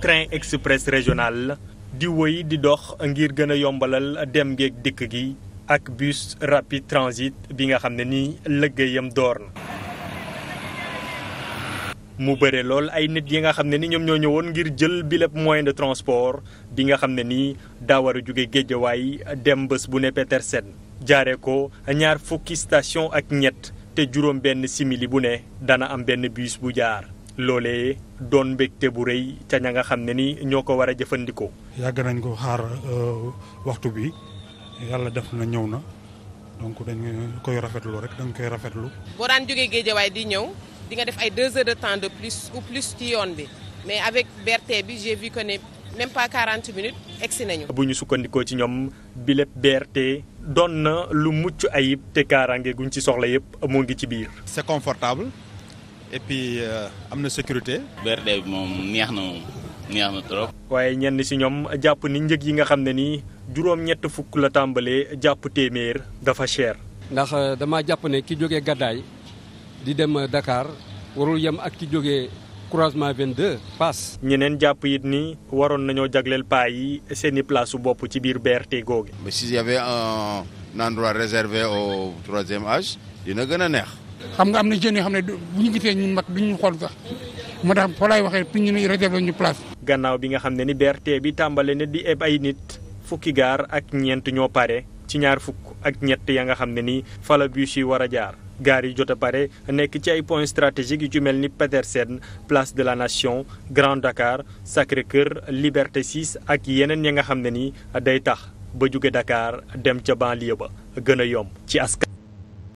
train express régional di wëy di dox ngir gën a yombalal dem ngeeg dikk gi ak bus rapide transit bi nga xam ne nii liggéeyam door na. mu bëre lool ay nit yi nga xam ne ni ñoom ñoo ñëwoon ngir jël bi moyen de transport bi nga xam ne nii daa a jóge géejawaay dem bés bu ne Petersen jaaree ko ñaar fukki station ak ñett te juróom benn simili bu ne dana am benn bus bu jaar. loole doon mbégte bu rëy ca ña nga xam ne ni ñoo ko war a jëfandikoo. yàgg nañ ko xaar euh, waxtu bi yàlla def na ñëw na donc dañ koy rafetlu rek dañ koy rafetlu. boo daan jógee waaye di ñëw di nga def ay deux heures de temps de plus ou plus ci yoon bi mais avec BRT bi j'ai vu que ne même pas quarante minutes egsi nañu. bu ñu sukkandikoo ci ñoom bi lépp BRT doon na lu mucc ayib te kaaraange ci soxla yëpp mu ngi ci biir. c'est confortable. et puis euh, am na sécurité. BRD moom neex na moom neex na trop. waaye ñenn si ñoom jàpp ni njëg yi nga xam ne nii juróom-ñett fukk la tàmbalee jàpp téeméer dafa cher. ndax euh, dama jàpp ne ki jóge gàddaay di dem euh, Dakar warul yem ak ki jóge croisement 22 paas. ñeneen jàpp it ni waroon nañoo jagleel paa yi seen i place bopp ci biir BRT googu. mais s'il y avait un endroit réservé au troisième âge dina gën a neex. xam nga am na jeunes yoo xam ne bu ñu gisee ñun mag duñu xool sax moo tax fa laay waxee pour ñu ne réservé ñu place. gannaaw bi nga xam ne ni BRT bi tàmbale na di eb ay nit fukki gaar ak ñeent ñoo pare ci ñaar fukk ak ñett ya nga xam ne ni fa la bus yi war a jaar. gaar yi jot a pare nekk ci ay points stratégiques yu ci mel ni Petersen place de la nation grande Dakar Sacré-Cœur Liberté 6 ak yeneen ya nga xam ne ni day tax ba jóge Dakar dem ca banlieue ba gën a yomb ci askan.